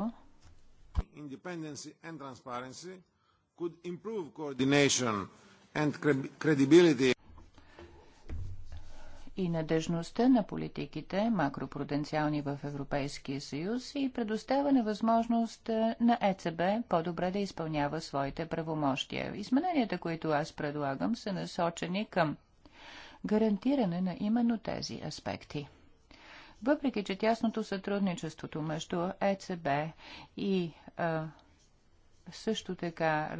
място. Independence and transparency could improve coordination and credibility и надежността на политиките, макропруденциални в Европейския съюз и предоставяне възможност е, на ЕЦБ по-добре да изпълнява своите правомощия. Измененията, които аз предлагам, са насочени към гарантиране на именно тези аспекти. Въпреки, че тясното сътрудничеството между ЕЦБ и а, също така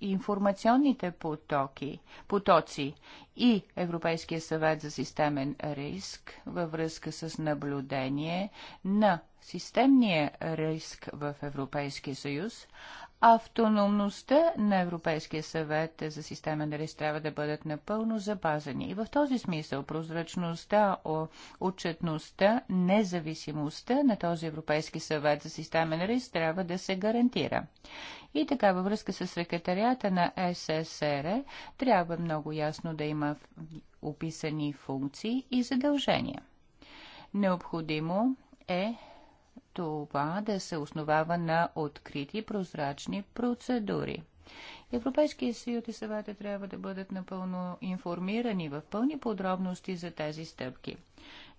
информационните потоки, потоци и Европейския съвет за системен риск във връзка с наблюдение на системния риск в Европейския съюз, автономността на Европейския съвет за системен риск трябва да бъдат напълно запазени. И в този смисъл прозрачността, отчетността, независимостта на този Европейски съвет за системен риск трябва да се гарантира. И така, във връзка с секретарията на ССР, трябва много ясно да има описани функции и задължения. Необходимо е това да се основава на открити прозрачни процедури. Европейския съюз и съвета трябва да бъдат напълно информирани в пълни подробности за тези стъпки.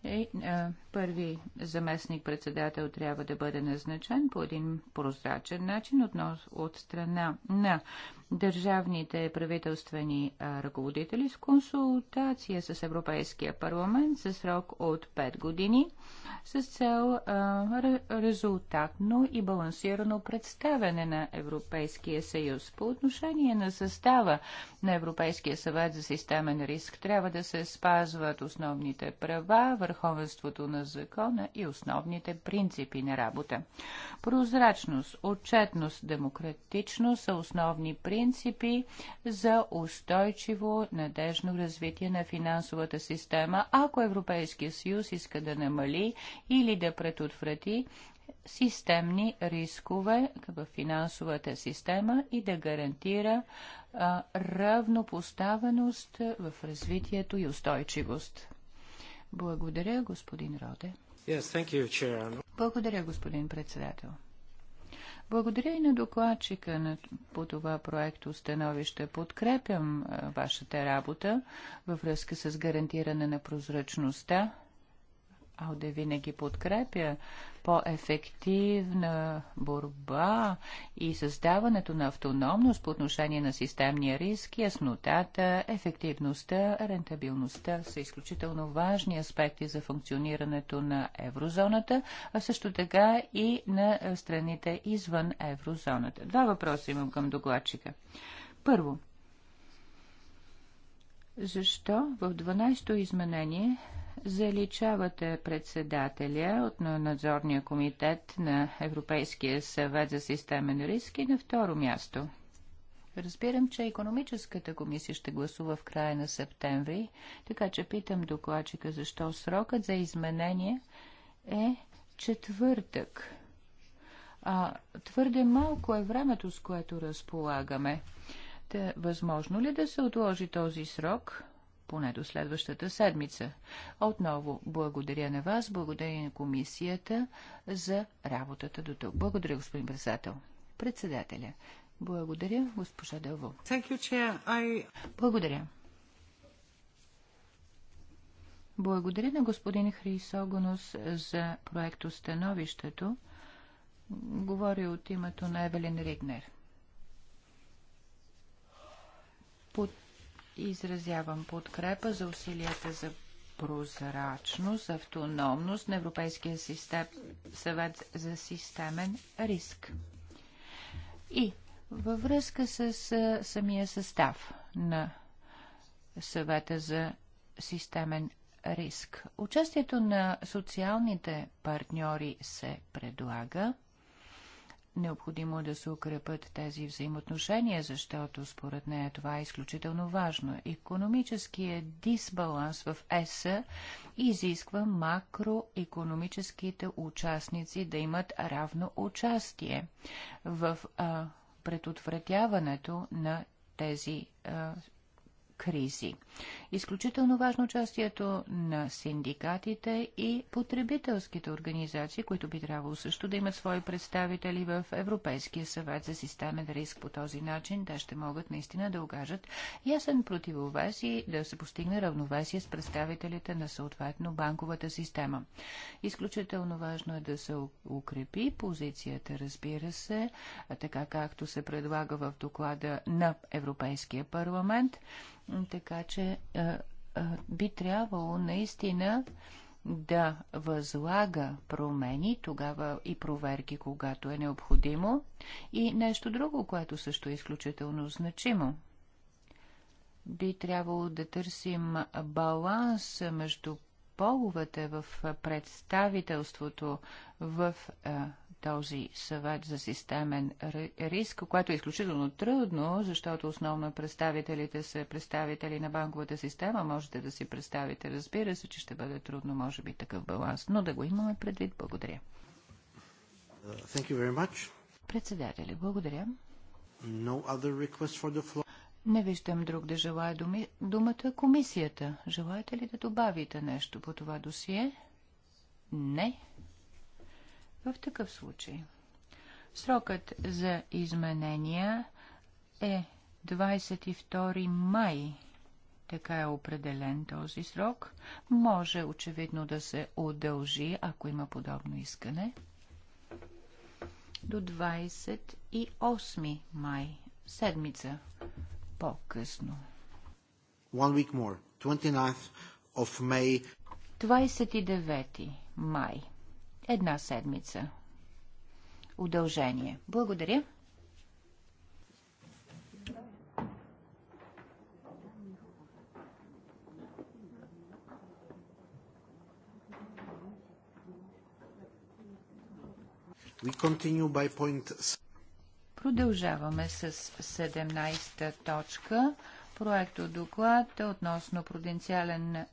И, а, е, първи заместник-председател трябва да бъде назначен по един прозрачен начин относ, от страна на държавните правителствени ръководители с консултация с Европейския парламент за срок от 5 години с цел резултатно и балансирано представяне на Европейския съюз. По отношение на състава на Европейския съвет за системен риск трябва да се спазват основните права, върховенството на закона и основните принципи на работа. Прозрачност, отчетност, демократичност са основни принципи принципи за устойчиво, надежно развитие на финансовата система, ако Европейския съюз иска да намали или да предотврати системни рискове в финансовата система и да гарантира а, равнопоставеност в развитието и устойчивост. Благодаря, господин Роде. Yes, you, Благодаря, господин председател. Благодаря и на докладчика на, по това проект становище. Подкрепям а, вашата работа във връзка с гарантиране на прозрачността Ауде винаги подкрепя по-ефективна борба и създаването на автономност по отношение на системния риск, яснотата, ефективността, рентабилността са изключително важни аспекти за функционирането на еврозоната, а също така и на страните извън еврозоната. Два въпроса имам към докладчика. Първо, защо в 12-то изменение заличавате председателя от надзорния комитет на Европейския съвет за системен риск и на второ място. Разбирам, че економическата комисия ще гласува в края на септември, така че питам докладчика, защо срокът за изменение е четвъртък. А, твърде малко е времето, с което разполагаме. Те, възможно ли да се отложи този срок? поне до следващата седмица. Отново благодаря на вас, благодаря на комисията за работата до тук. Благодаря, господин председател. Председателя. Благодаря, госпожа Дълво. I... Благодаря. Благодаря на господин Хрисогонос за Становището. Говори от името на Евелин Ригнер. Под Изразявам подкрепа за усилията за прозрачност, автономност на Европейския систем, съвет за системен риск. И във връзка с самия състав на съвета за системен риск. Участието на социалните партньори се предлага Необходимо е да се укрепят тези взаимоотношения, защото според нея това е изключително важно. Економическият дисбаланс в ЕС изисква макроекономическите участници да имат равно участие в а, предотвратяването на тези а, кризи. Изключително важно участието на синдикатите и потребителските организации, които би трябвало също да имат свои представители в Европейския съвет за системен риск по този начин. Те ще могат наистина да окажат ясен противовес и да се постигне равновесие с представителите на съответно банковата система. Изключително важно е да се укрепи позицията, разбира се, така както се предлага в доклада на Европейския парламент. Така че е, е, би трябвало наистина да възлага промени, тогава и проверки, когато е необходимо, и нещо друго, което също е изключително значимо. Би трябвало да търсим баланс между половете в представителството в е, този съвет за системен риск, което е изключително трудно, защото основно представителите са представители на банковата система. Можете да си представите, разбира се, че ще бъде трудно, може би, такъв баланс, но да го имаме предвид. Благодаря. Uh, thank you very much. Председатели, благодаря. No other request for the floor. Не виждам друг да желая думи... думата комисията. Желаете ли да добавите нещо по това досие? Не. В такъв случай срокът за изменения е 22 май. Така е определен този срок. Може очевидно да се удължи, ако има подобно искане, до 28 май, седмица по-късно. 29 май една седмица удължение. Благодаря. Продължаваме с 17-та точка проекто доклад е относно пруденциален е,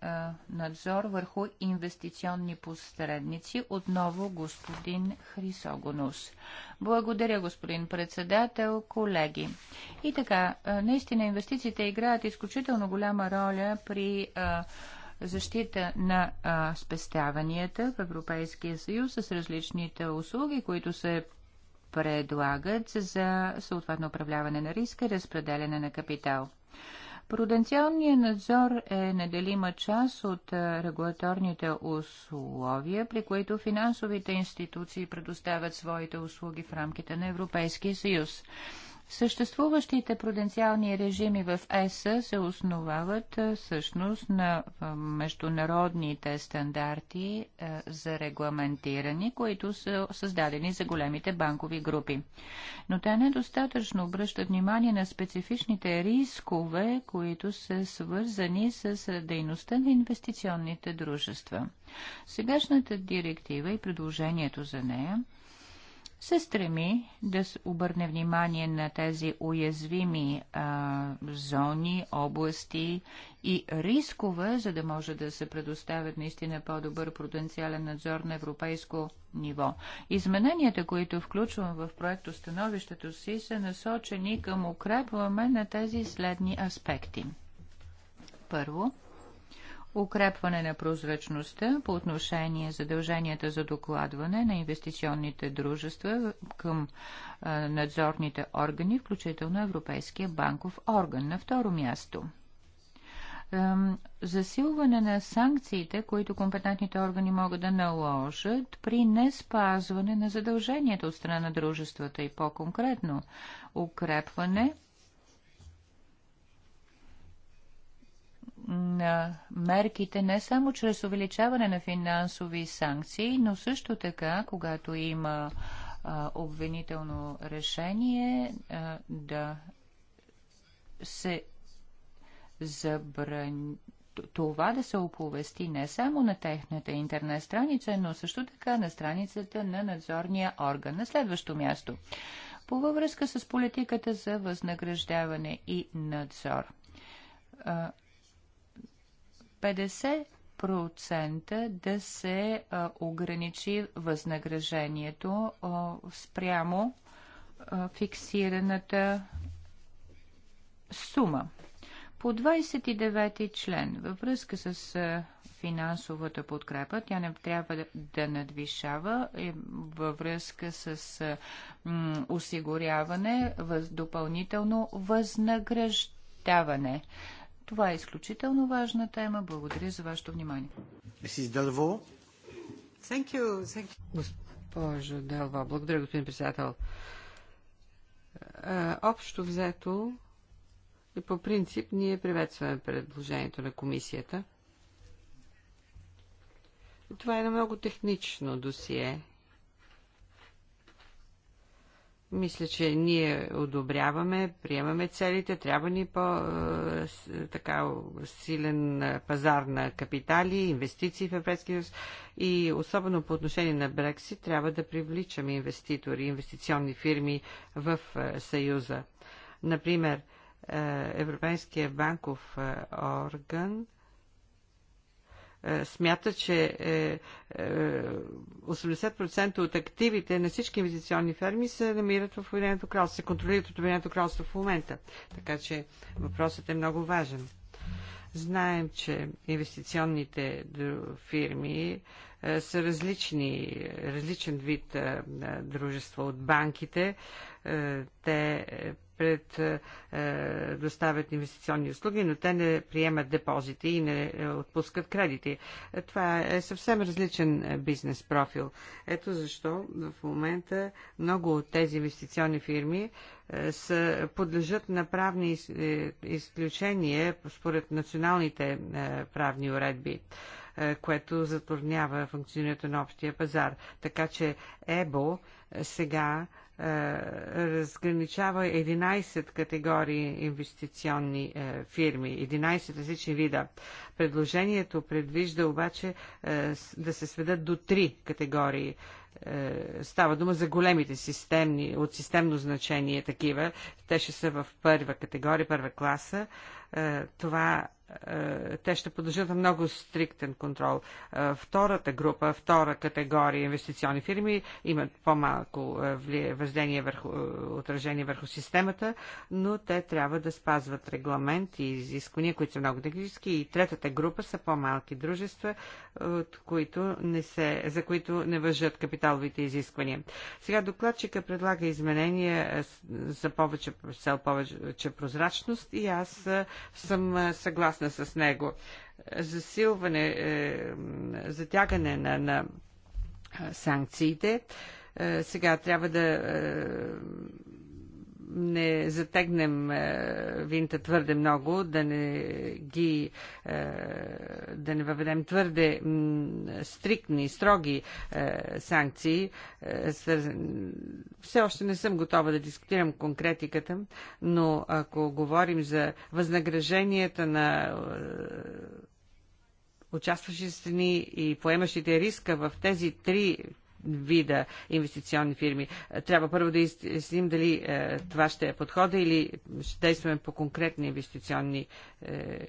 надзор върху инвестиционни посредници. Отново господин Хрисогонус. Благодаря, господин председател, колеги. И така, е, наистина инвестициите играят изключително голяма роля при защита на спестяванията в Европейския съюз с различните услуги, които се предлагат за съответно управляване на риска и разпределяне на капитал. Пруденциалният надзор е неделима част от регулаторните условия, при които финансовите институции предоставят своите услуги в рамките на Европейския съюз. Съществуващите пруденциални режими в ЕС се основават всъщност на международните стандарти за регламентирани, които са създадени за големите банкови групи. Но те недостатъчно обръщат внимание на специфичните рискове, които са свързани с дейността на инвестиционните дружества. Сегашната директива и предложението за нея – се стреми да обърне внимание на тези уязвими а, зони, области и рискове, за да може да се предоставят наистина по-добър потенциален надзор на европейско ниво. Измененията, които включвам в проекто становището си, са насочени към укрепване на тези следни аспекти. Първо, укрепване на прозрачността по отношение задълженията за докладване на инвестиционните дружества към надзорните органи, включително Европейския банков орган. На второ място засилване на санкциите, които компетентните органи могат да наложат при неспазване на задълженията от страна на дружествата и по-конкретно укрепване на мерките не само чрез увеличаване на финансови санкции, но също така, когато има а, обвинително решение, а, да се забрани това да се оповести не само на техната интернет страница, но също така на страницата на надзорния орган. На следващо място. По връзка с политиката за възнаграждаване и надзор. 50% да се а, ограничи възнаграждението а, спрямо а, фиксираната сума. По 29 ти член, във връзка с финансовата подкрепа, тя не трябва да надвишава е, във връзка с осигуряване въз, допълнително възнаграждаване. Това е изключително важна тема. Благодаря за вашето внимание. Госпожо Дълво, благодаря, господин председател. Е, общо взето и по принцип ние приветстваме предложението на комисията. Това е едно много технично досие мисля, че ние одобряваме, приемаме целите, трябва ни по-силен е, е, е, пазар на капитали, инвестиции в Европейския съюз и особено по отношение на Брексит трябва да привличаме инвеститори, инвестиционни фирми в Съюза. Например, Европейския банков орган – е, смята, че 80% е, е, от активите на всички инвестиционни ферми се намират в Обединеното кралство, се контролират от Обединеното кралство в момента. Така че въпросът е много важен. Знаем, че инвестиционните фирми са различни, различен вид дружества от банките. Те пред е, доставят инвестиционни услуги, но те не приемат депозити и не е, отпускат кредити. Е, това е съвсем различен бизнес профил. Ето защо в момента много от тези инвестиционни фирми са, подлежат на правни изключения според националните правни уредби което затруднява функционирането на общия пазар. Така че ЕБО сега е, разграничава 11 категории инвестиционни е, фирми, 11 различни вида. Предложението предвижда обаче е, да се сведат до 3 категории. Става дума за големите системни, от системно значение такива. Те ще са в първа категория, първа класа. Е, това е, те ще подлежат на много стриктен контрол. Е, втората група, втора категория инвестиционни фирми имат по-малко въздение върху, отражение върху системата, но те трябва да спазват регламент и изисквания, които са много технически. И третата група са по-малки дружества, от които не се, за които не въжат капиталовите изисквания. Сега докладчика предлага изменения за повече, цел повече прозрачност и аз съм съгласна с него. Засилване, е, затягане на, на санкциите. Е, сега трябва да е, не затегнем е, винта твърде много, да не ги е, да не въведем твърде стриктни, строги е, санкции. Все още не съм готова да дискутирам конкретиката, но ако говорим за възнагражденията на участващите страни и поемащите риска в тези три вида инвестиционни фирми. Трябва първо да изясним дали е, това ще е подхода или ще действаме по конкретни инвестиционни е,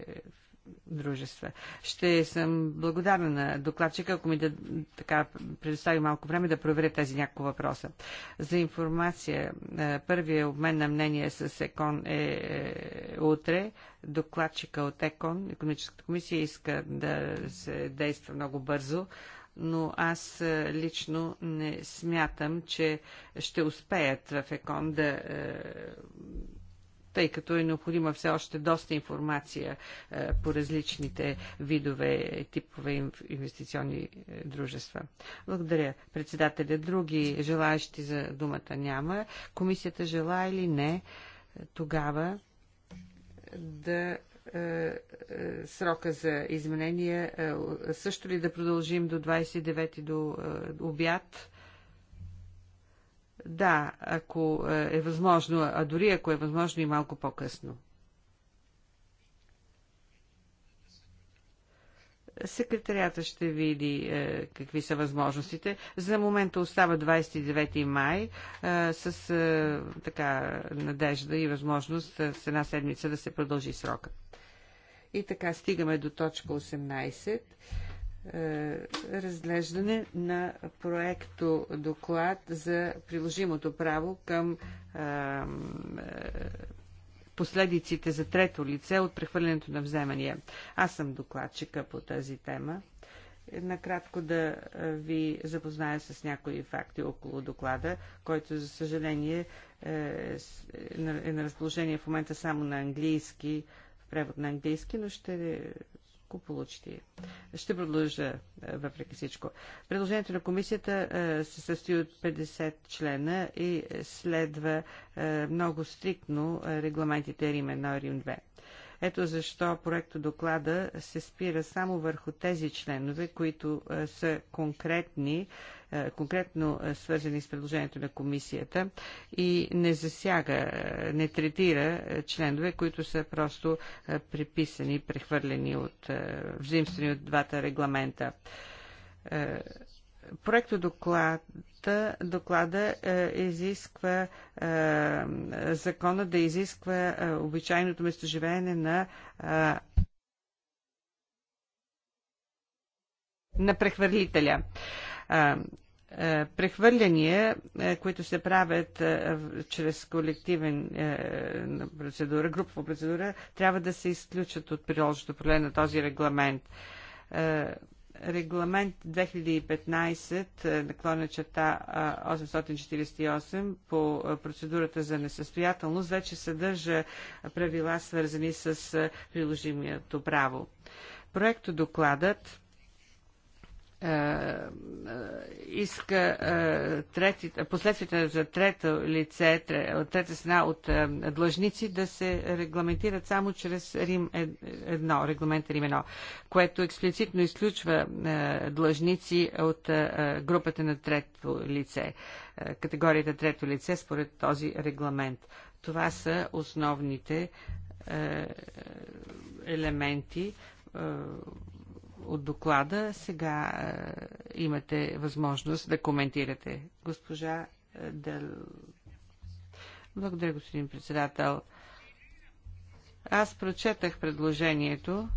дружества. Ще съм благодарна на докладчика, ако ми да така предостави малко време да проверя тези няколко въпроса. За информация, е, първият обмен на мнение с ЕКОН е утре. Докладчика от ЕКОН, економическата комисия, иска да се действа много бързо но аз е, лично не смятам, че ще успеят в ЕКОН да е, тъй като е необходима все още доста информация е, по различните видове, типове инвестиционни е, дружества. Благодаря, председателя. Други желаящи за думата няма. Комисията желая или не е, тогава да е, е, срока за изменения, е, също ли да продължим до 29 до обяд? Да, ако е възможно, а дори ако е възможно и малко по-късно. Секретарията ще види е, какви са възможностите. За момента остава 29 май е, с е, така надежда и възможност е, с една седмица да се продължи срока. И така стигаме до точка 18. Е, разглеждане на проекто доклад за приложимото право към е, е, последиците за трето лице от прехвърлянето на вземания. Аз съм докладчика по тази тема. Накратко да ви запозная с някои факти около доклада, който за съжаление е, е, е на разположение в момента само на английски, в превод на английски, но ще ако получите. Ще продължа е, въпреки всичко. Предложението на комисията е, се състои от 50 члена и следва е, много стриктно регламентите Рим 1 и Рим 2. Ето защо проекто доклада се спира само върху тези членове, които е, са конкретни, е, конкретно е, свързани с предложението на комисията и не засяга, не третира членове, които са просто приписани, прехвърлени от, взаимствени от двата регламента Проекто доклада, доклада е, изисква е, закона да изисква е, обичайното местоживеене на е, на прехвърлителя. Е, е прехвърляния, е, които се правят е, чрез колективен процедура, групова процедура, трябва да се изключат от приложното поле на този регламент. Регламент 2015 е, наклона черта 848 по процедурата за несъстоятелност вече съдържа правила свързани с приложимото право. Проекто докладът е, е, иска е, последствията за трето лице, от трета страна от длъжници да се регламентират само чрез Рим едно, регламент Рим едно, което експлицитно изключва длъжници от групата на трето лице, категорията трето лице според този регламент. Това са основните елементи, от доклада. Сега е, имате възможност да коментирате. Госпожа е, Дел... Благодаря, господин председател. Аз прочетах предложението.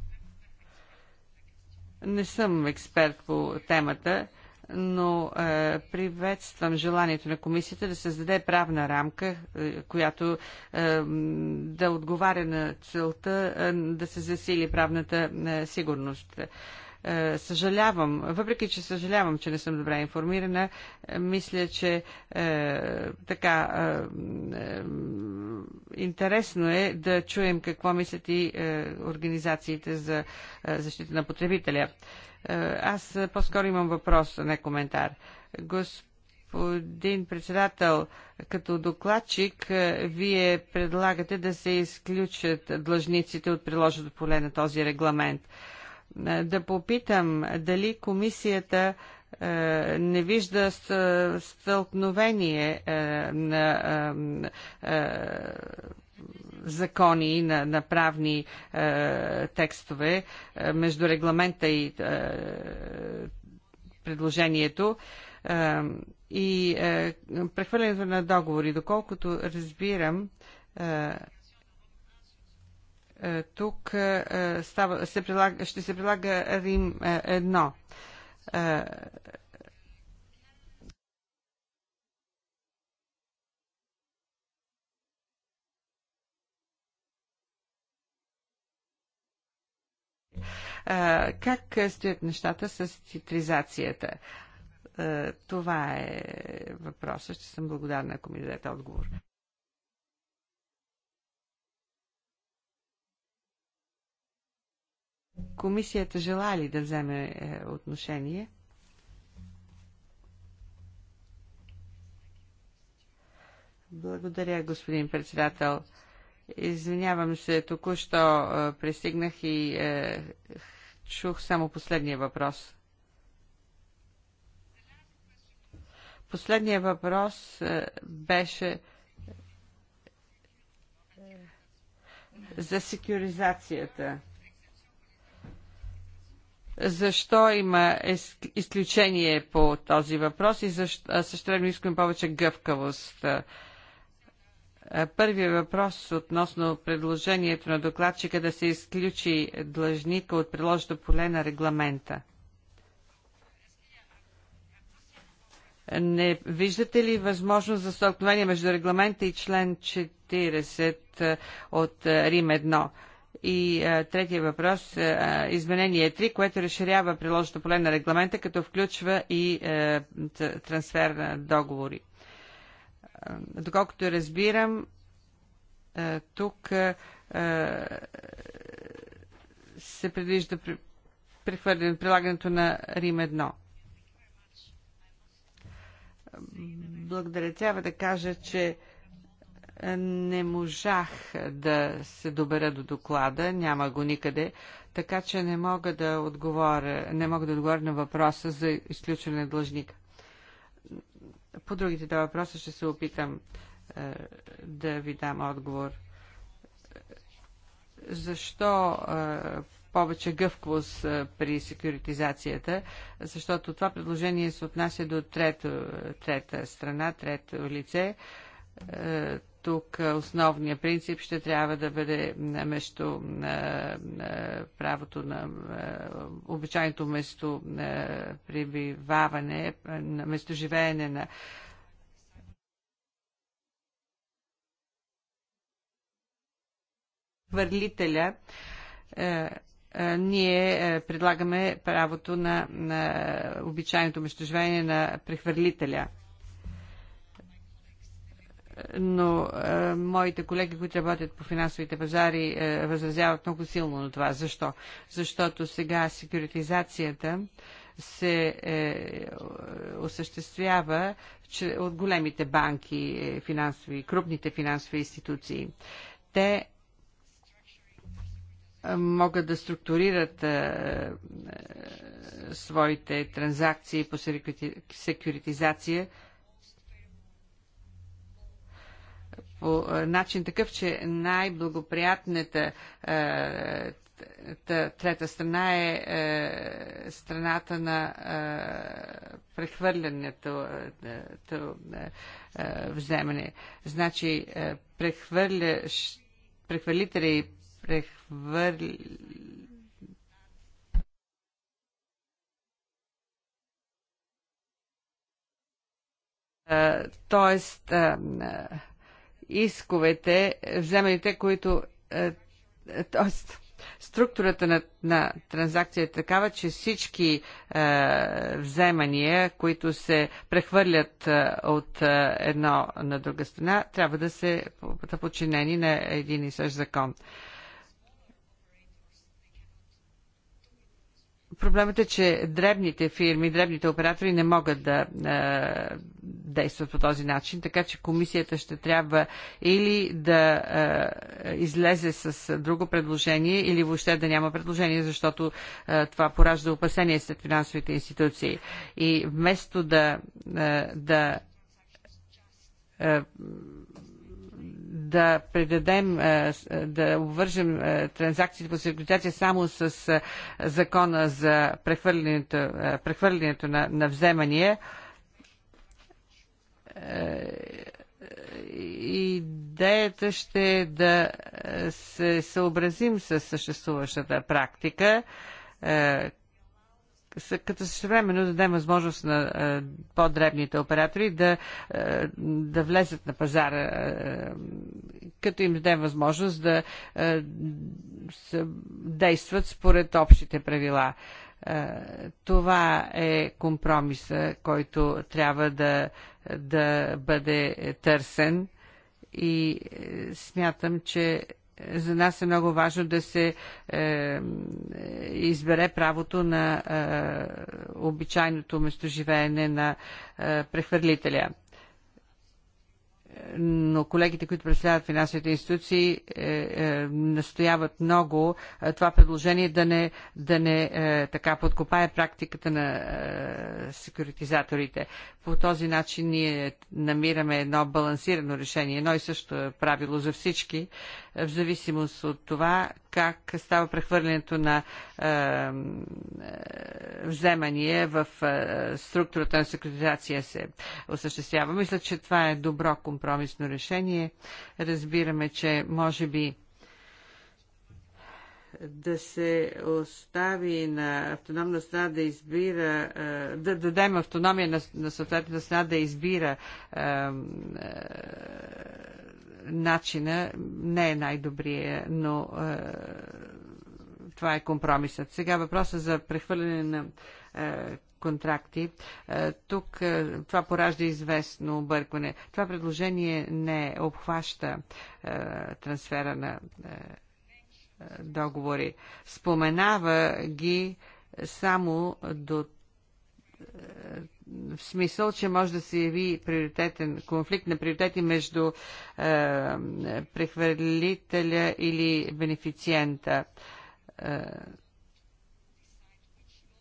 Не съм експерт по темата но е, приветствам желанието на комисията да създаде правна рамка, е, която е, да отговаря на целта е, да се засили правната е, сигурност. Е, съжалявам, въпреки че съжалявам, че не съм добре информирана, е, мисля, че е, така е, е, интересно е да чуем какво мислят и е, организациите за е, защита на потребителя. Е, е, аз е, по-скоро имам въпрос, а не коментар. Господин председател, като докладчик, е, вие предлагате да се изключат длъжниците от приложеното поле на този регламент. Да попитам дали комисията не вижда стълкновение на закони, на, на правни е, текстове е, между регламента и е, предложението. Е, и е, прехвърлянето на договори, доколкото разбирам, е, е, тук е, е става, се прилага, ще се прилага Рим 1. Е, едно. е, Как стоят нещата с титризацията? Това е въпроса. Ще съм благодарна, ако ми дадете отговор. Комисията желая ли да вземе е, отношение? Благодаря, господин председател. Извинявам се, току-що е, пристигнах и е, Чух само последния въпрос. Последният въпрос е, беше е, за секюризацията. Защо има изключение по този въпрос и защо, също искам повече гъвкавост е, първият въпрос относно предложението на докладчика да се изключи длъжника от приложното поле на регламента. Не виждате ли възможност за столкновение между регламента и член 40 е, от е, Рим 1? И а, третия въпрос, а, изменение 3, което разширява приложното поле на регламента, като включва и а, трансфер на договори доколкото разбирам, тук се предвижда прехвърлен прилагането на Рим 1. Благодаря. Трябва да кажа, че не можах да се добера до доклада, няма го никъде, така че не мога да отговоря, не мога да отговоря на въпроса за изключване на длъжника. По другите два въпроса ще се опитам е, да ви дам отговор. Защо е, повече гъвкост е, при секюритизацията? Защото това предложение се отнася до трето, трета страна, трето лице. Е, тук основният принцип ще трябва да бъде между правото на обичайното место прибиваване, живеене на върлителя. ние предлагаме правото на, на обичайното местоживеене на прехвърлителя но а, е, моите колеги, които работят по финансовите пазари, а, е, възразяват много силно на това. Защо? Защото сега секюритизацията се е, осъществява че, от големите банки, е, финансови, крупните финансови институции. Те могат да структурират а, а, своите транзакции по секюритизация Е, начин такъв, че най-благоприятната е, трета страна е, е страната на прехвърлянето, вземане. Значи, прехвърляш, прехвърлителя и прехвърля Тоест, исковете, вземаните, които. Е, е, тоест, структурата на, на транзакцията е такава, че всички е, вземания, които се прехвърлят е, от е, едно на друга страна, трябва да се да подчинени на един и същ закон. Е, Проблемът е, че дребните фирми, дребните оператори не могат да е, действат по този начин, така че комисията ще трябва или да е, излезе с друго предложение, или въобще да няма предложение, защото е, това поражда опасение след финансовите институции. И вместо да, е, да е, да предадем, е, е, да обвържем е, транзакциите по секретизация само с закона за прехвърлянето, прехвърлянето на, на вземания идеята ще е да се съобразим с съществуващата практика, като същевременно дадем възможност на е, по-дребните оператори да, е, да влезат на пазара, е, като им дадем възможност да действат според общите правила. Това е компромиса, който трябва да, да бъде търсен и смятам, че за нас е много важно да се е, избере правото на е, обичайното местоживеене на е, прехвърлителя. Но колегите, които представят финансовите институции, е, е, настояват много е, това предложение да не, да не е, така подкопае практиката на е, секюритизаторите. По този начин ние намираме едно балансирано решение, едно и също правило за всички. Е, в зависимост от това как става прехвърлянето на е, е вземания в е, структурата на секретизация се осъществява. Мисля, че това е добро компромисно решение. Разбираме, че може би да се остави на автономна страна да избира, е, да дадем автономия на, на съответната страна да избира е, е, начина не е най-добрия, но е, това е компромисът. Сега въпроса за прехвърляне на е, контракти. Е, тук е, това поражда известно объркване. Това предложение не обхваща е, трансфера на е, е договори. Споменава ги само до в смисъл, че може да се яви приоритетен конфликт на приоритети между е, прехвърлителя или бенефициента. Е,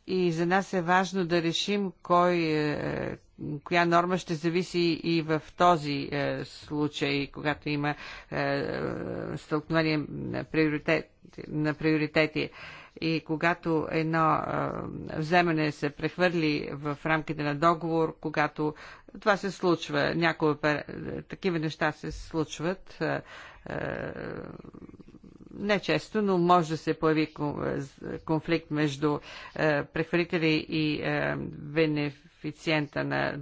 и за нас е важно да решим кой, е, коя норма ще зависи и в този е, случай, когато има е, стълкновение на приоритети. На приоритети. Е, и когато едно вземане се прехвърли в рамките на договор, когато това се случва, някои такива неща се случват, не често, но може да се появи конфликт между прехвърлители и бенефициента на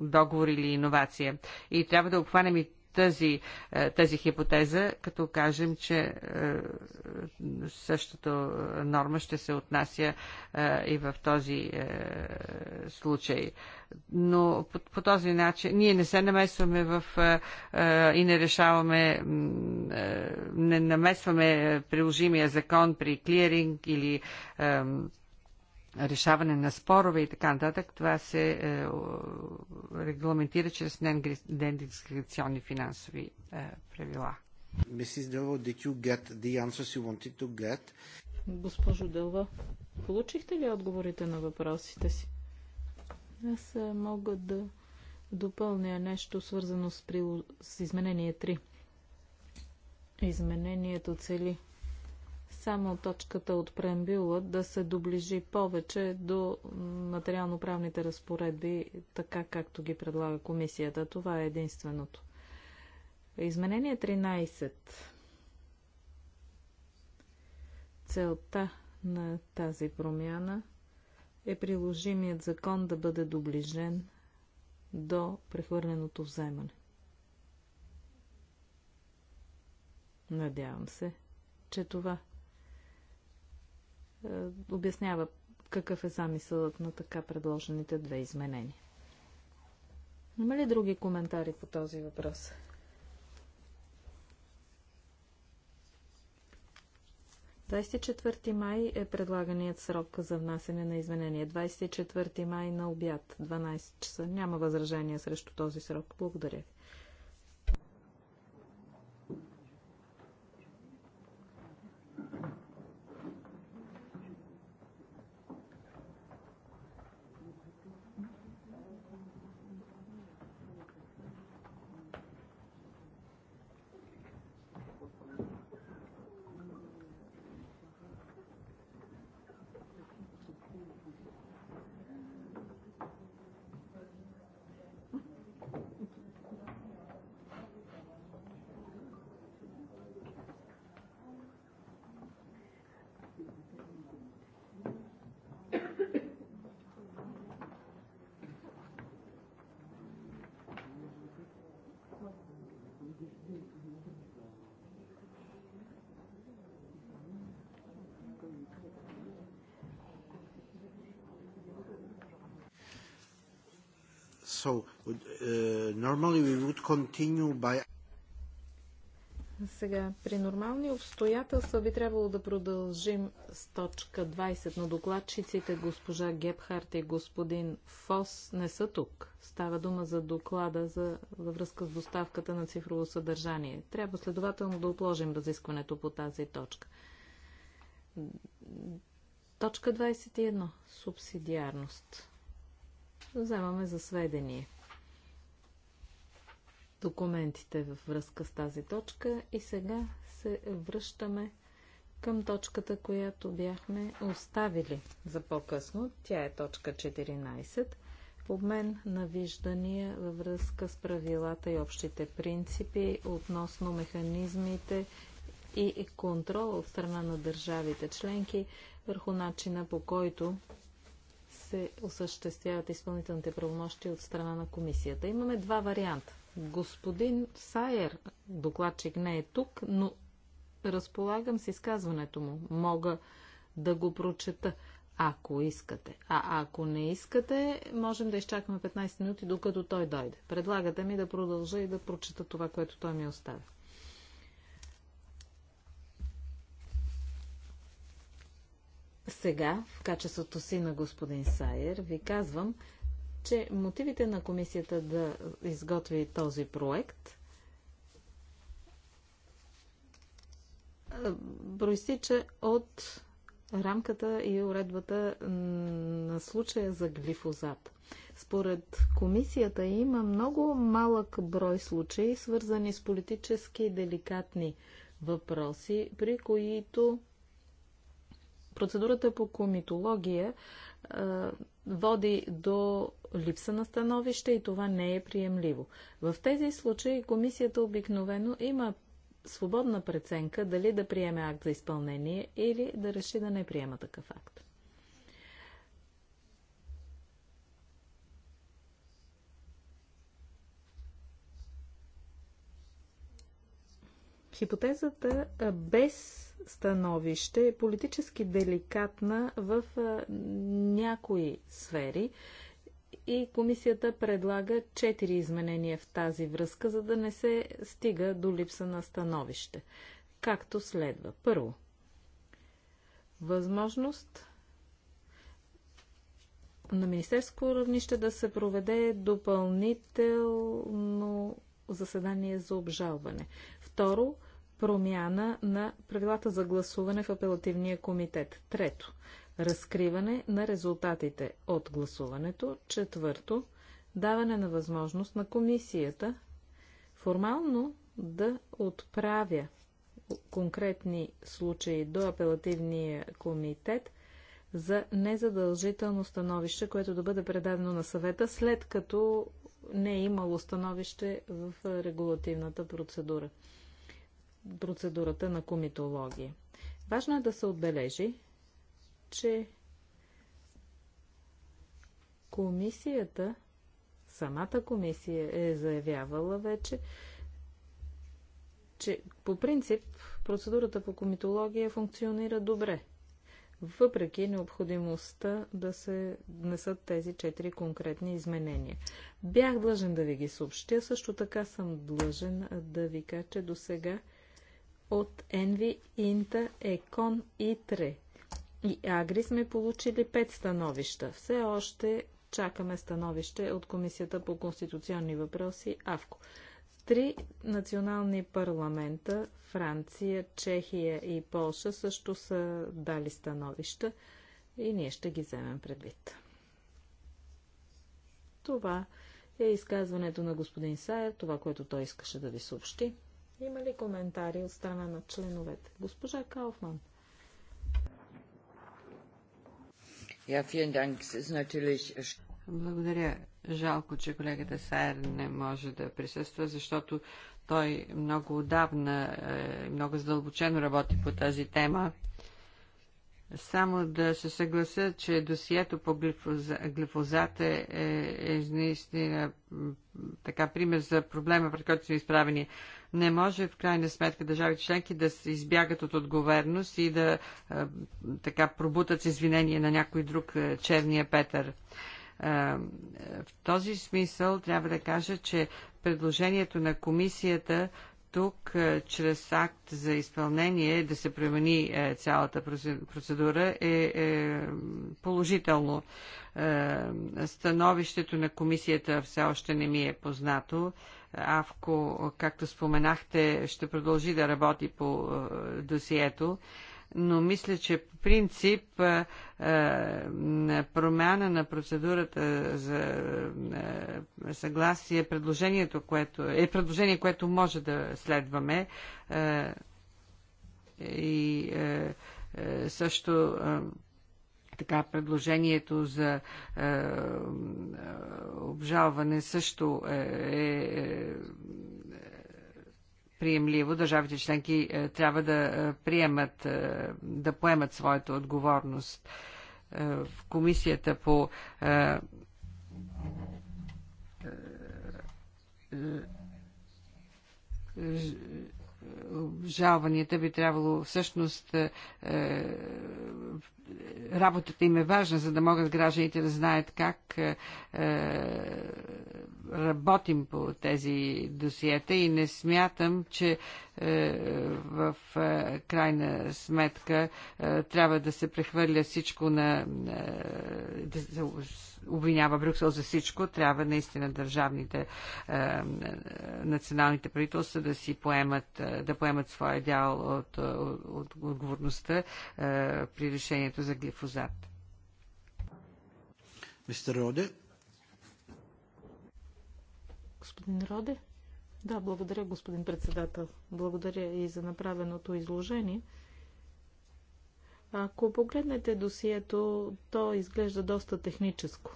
договор или иновация. И трябва да обхванем и тази, е, тази хипотеза, като кажем, че е, същото е, норма ще се отнася и в този случай. Но по, по този начин ние не се намесваме в и не решаваме, не намесваме приложимия закон при клиринг или решаване на спорове и така нататък, това се е, регламентира чрез недискреционни финансови е, правила. did you get the answers you wanted to get? Госпожо Дълва, получихте ли отговорите на въпросите си? Аз е, мога да допълня нещо свързано с, прил... с изменение 3. Изменението цели само точката от преамбюла да се доближи повече до материално-правните разпоредби, така както ги предлага комисията. Това е единственото. Изменение 13. Целта на тази промяна е приложимият закон да бъде доближен до прехвърленото вземане. Надявам се, че това е, обяснява какъв е замисълът на така предложените две изменения. Има ли други коментари по този въпрос? 24 май е предлаганият срок за внасене на изменения. 24 май на обяд, 12 часа. Няма възражение срещу този срок. Благодаря. Normally we would continue by... Сега, при нормални обстоятелства би трябвало да продължим с точка 20, но докладчиците госпожа Гепхарт и господин Фос не са тук. Става дума за доклада за, във връзка с доставката на цифрово съдържание. Трябва следователно да отложим разискването по тази точка. Точка 21. Субсидиарност. Вземаме за сведение документите във връзка с тази точка. И сега се връщаме към точката, която бяхме оставили за по-късно. Тя е точка 14. Обмен на виждания във връзка с правилата и общите принципи относно механизмите и контрол от страна на държавите членки върху начина по който се осъществяват изпълнителните правомощи от страна на комисията. Имаме два варианта Господин Сайер, докладчик не е тук, но разполагам с изказването му. Мога да го прочета, ако искате. А ако не искате, можем да изчакаме 15 минути, докато той дойде. Предлагате ми да продължа и да прочета това, което той ми оставя. Сега, в качеството си на господин Сайер, ви казвам, че мотивите на комисията да изготви този проект проистича от рамката и уредбата на случая за глифозат. Според комисията има много малък брой случаи, свързани с политически деликатни въпроси, при които процедурата по комитология води до липса на становище и това не е приемливо. В тези случаи комисията обикновено има свободна преценка дали да приеме акт за изпълнение или да реши да не приема такъв акт. Хипотезата без становище е политически деликатна в някои сфери и комисията предлага четири изменения в тази връзка, за да не се стига до липса на становище. Както следва. Първо. Възможност на министерско равнище да се проведе допълнително заседание за обжалване. Второ, промяна на правилата за гласуване в апелативния комитет. Трето, разкриване на резултатите от гласуването. Четвърто, даване на възможност на комисията формално да отправя конкретни случаи до апелативния комитет за незадължително становище, което да бъде предадено на съвета, след като не е имало становище в регулативната процедура, процедурата на комитология. Важно е да се отбележи, че комисията, самата комисия е заявявала вече, че по принцип процедурата по комитология функционира добре, въпреки необходимостта да се внесат тези четири конкретни изменения. Бях длъжен да ви ги съобщя, също така съм длъжен да ви кажа, че до сега от Envy, Инта, Екон и и Агри сме получили пет становища. Все още чакаме становище от Комисията по конституционни въпроси АВКО. Три национални парламента Франция, Чехия и Полша също са дали становища и ние ще ги вземем предвид. Това е изказването на господин Саер, това, което той искаше да ви съобщи. Има ли коментари от страна на членовете? Госпожа Кауфман. Äh, Благодаря. Жалко, че колегата Сайер не може да присъства, защото той много отдавна, е, много задълбочено работи по тази тема само да се съглася, че досието по глифозат е, е, е наистина така пример за проблема, пред който сме изправени. Не може в крайна сметка държавите членки да се избягат от отговорност и да е, така пробутат с извинение на някой друг е, черния Петър. Е, в този смисъл трябва да кажа, че предложението на комисията е, тук е, чрез акт за изпълнение да се промени е, цялата процедура е, е положително. Становището на комисията все още не ми е познато. Авко, както споменахте, ще продължи да работи по досието но мисля, че по принцип промяна на процедурата за е, съгласие, предложението, което е предложение, което може да следваме и също така предложението за обжалване също е, е приемливо. Държавите членки е, трябва да е, приемат, е, да поемат своята отговорност. В комисията по обжалванията би трябвало всъщност е, е, работата им е важна, за да могат гражданите да знаят как е, работим по тези досиета и не смятам, че в крайна сметка трябва да се прехвърля всичко на обвинява Брюксел за всичко. Трябва наистина държавните е, националните правителства да си поемат, е, да поемат своя дял от, от, е, от отговорността при решението за глифозат. Мистер Роде. Господин Роде? Да, благодаря, господин председател. Благодаря и за направеното изложение. Ако погледнете досието, то изглежда доста техническо.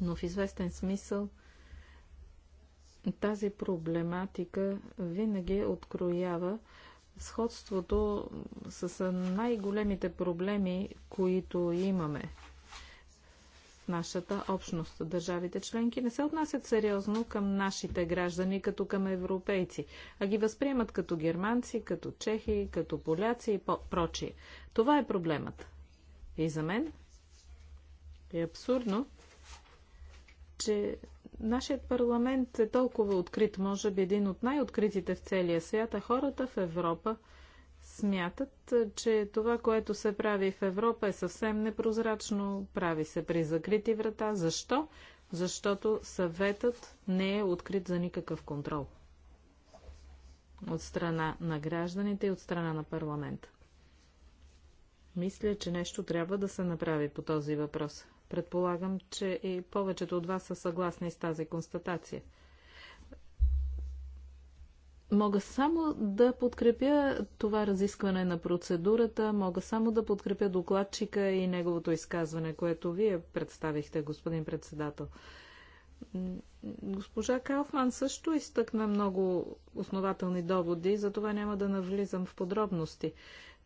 Но в известен смисъл тази проблематика винаги откроява сходството с най-големите проблеми, които имаме нашата общност. Държавите членки не се отнасят сериозно към нашите граждани като към европейци, а ги възприемат като германци, като чехи, като поляци и прочие. Това е проблемът. И за мен е абсурдно, че нашият парламент е толкова открит, може би един от най-откритите в целия свят, а хората в Европа смятат, че това, което се прави в Европа е съвсем непрозрачно, прави се при закрити врата. Защо? Защото съветът не е открит за никакъв контрол от страна на гражданите и от страна на парламента. Мисля, че нещо трябва да се направи по този въпрос. Предполагам, че и повечето от вас са съгласни с тази констатация – Мога само да подкрепя това разискване на процедурата, мога само да подкрепя докладчика и неговото изказване, което вие представихте, господин председател. Госпожа Кауфман също изтъкна много основателни доводи, затова няма да навлизам в подробности.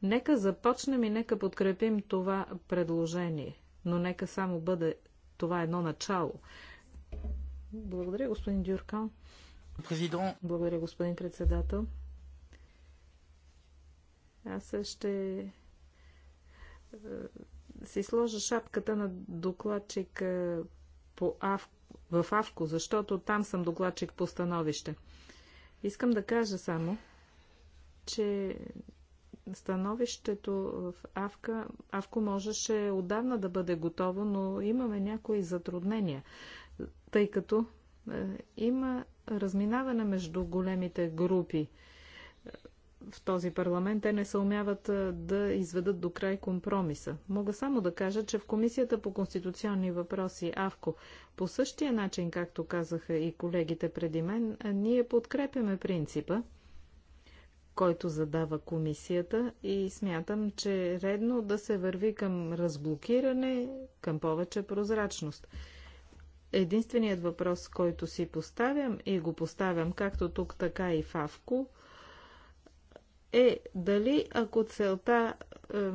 Нека започнем и нека подкрепим това предложение, но нека само бъде това едно начало. Благодаря, господин Дюркан. Президент. Благодаря, господин председател. Аз ще е, си сложа шапката на докладчик е, по АВ... в АВКО, защото там съм докладчик по становище. Искам да кажа само, че становището в Авка, Авко можеше отдавна да бъде готово, но имаме някои затруднения, тъй като е, има разминаване между големите групи в този парламент. Те не съумяват да изведат до край компромиса. Мога само да кажа, че в Комисията по конституционни въпроси АВКО по същия начин, както казаха и колегите преди мен, ние подкрепяме принципа, който задава комисията и смятам, че е редно да се върви към разблокиране, към повече прозрачност единственият въпрос, който си поставям и го поставям както тук, така и в Авко, е дали ако целта е,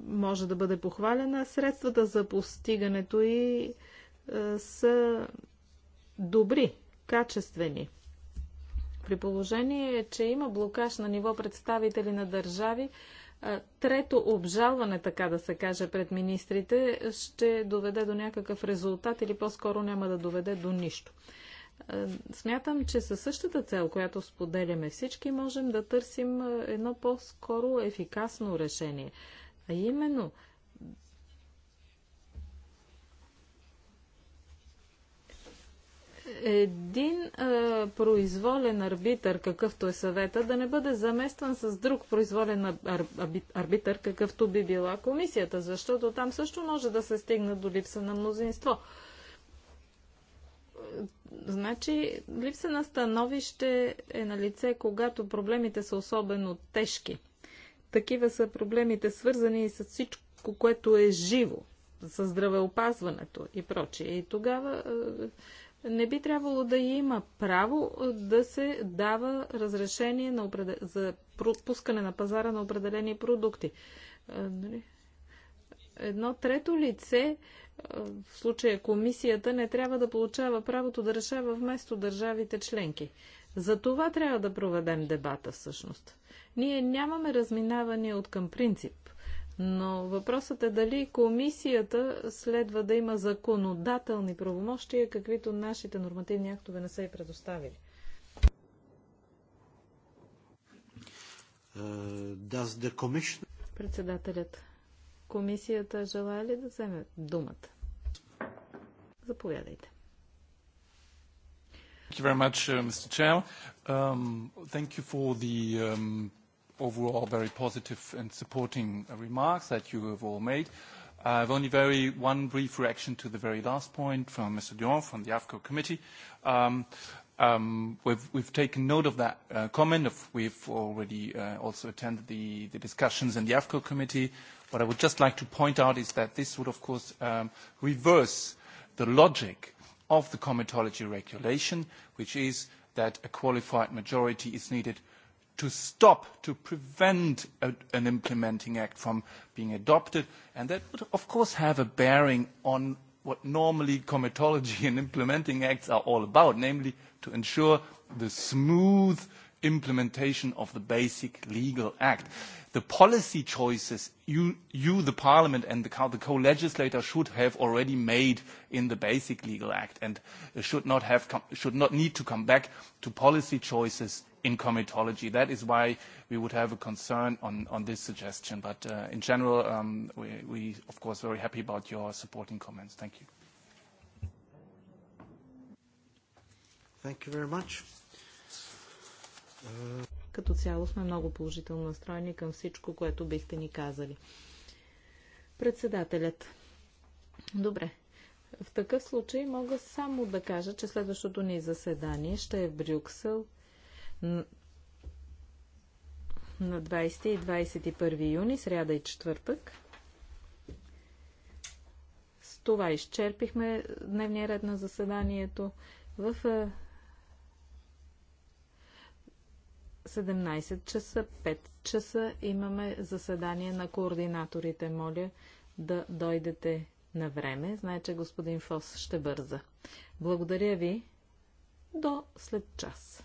може да бъде похвалена, средствата за постигането и е, са добри, качествени. При положение, че има блокаж на ниво представители на държави, Трето обжалване, така да се каже, пред министрите ще доведе до някакъв резултат или по-скоро няма да доведе до нищо. Смятам, че със същата цел, която споделяме всички, можем да търсим едно по-скоро ефикасно решение. А именно един а, произволен арбитър, какъвто е съвета, да не бъде заместван с друг произволен арбитър, какъвто би била комисията, защото там също може да се стигне до липса на мнозинство. Значи, липса на становище е на лице, когато проблемите са особено тежки. Такива са проблемите, свързани с всичко, което е живо, с здравеопазването и прочие. И тогава не би трябвало да има право да се дава разрешение на определ... за пускане на пазара на определени продукти. Е, нали? Едно трето лице, е, в случая комисията, не трябва да получава правото да решава вместо държавите членки. За това трябва да проведем дебата всъщност. Ние нямаме разминавания от към принцип – но въпросът е дали комисията следва да има законодателни правомощия, каквито нашите нормативни актове не са и предоставили. Uh, commission... Председателят. Комисията желая ли да вземе думата? Заповядайте. Thank you very much, uh, Mr. Chair. Um, thank you for the um, overall very positive and supporting remarks that you have all made. I have only very one brief reaction to the very last point from Mr. Durand from the AFCO committee. We've taken note of that comment. We've already also attended the discussions in the AFCO committee. What I would just like to point out is that this would, of course, reverse the logic of the comitology regulation, which is that a qualified majority is needed to stop, to prevent a, an implementing act from being adopted. And that would, of course, have a bearing on what normally comitology and implementing acts are all about, namely to ensure the smooth implementation of the basic legal act. The policy choices you, you the Parliament and the, the co-legislator should have already made in the basic legal act and should not, have come, should not need to come back to policy choices in comitology. That is why we would have a concern on, this suggestion. But uh, in general, um, we, of course, very happy about your supporting comments. Thank you. Thank you very much. Като цяло сме много положително настроени към всичко, което бихте ни казали. Председателят. Добре. В такъв случай мога само да кажа, че следващото ни заседание ще е в Брюксел – на 20 и 21 юни, сряда и четвъртък. С това изчерпихме дневния ред на заседанието. В 17 часа, 5 часа имаме заседание на координаторите. Моля да дойдете на време. Знае, че господин Фос ще бърза. Благодаря ви. До след час.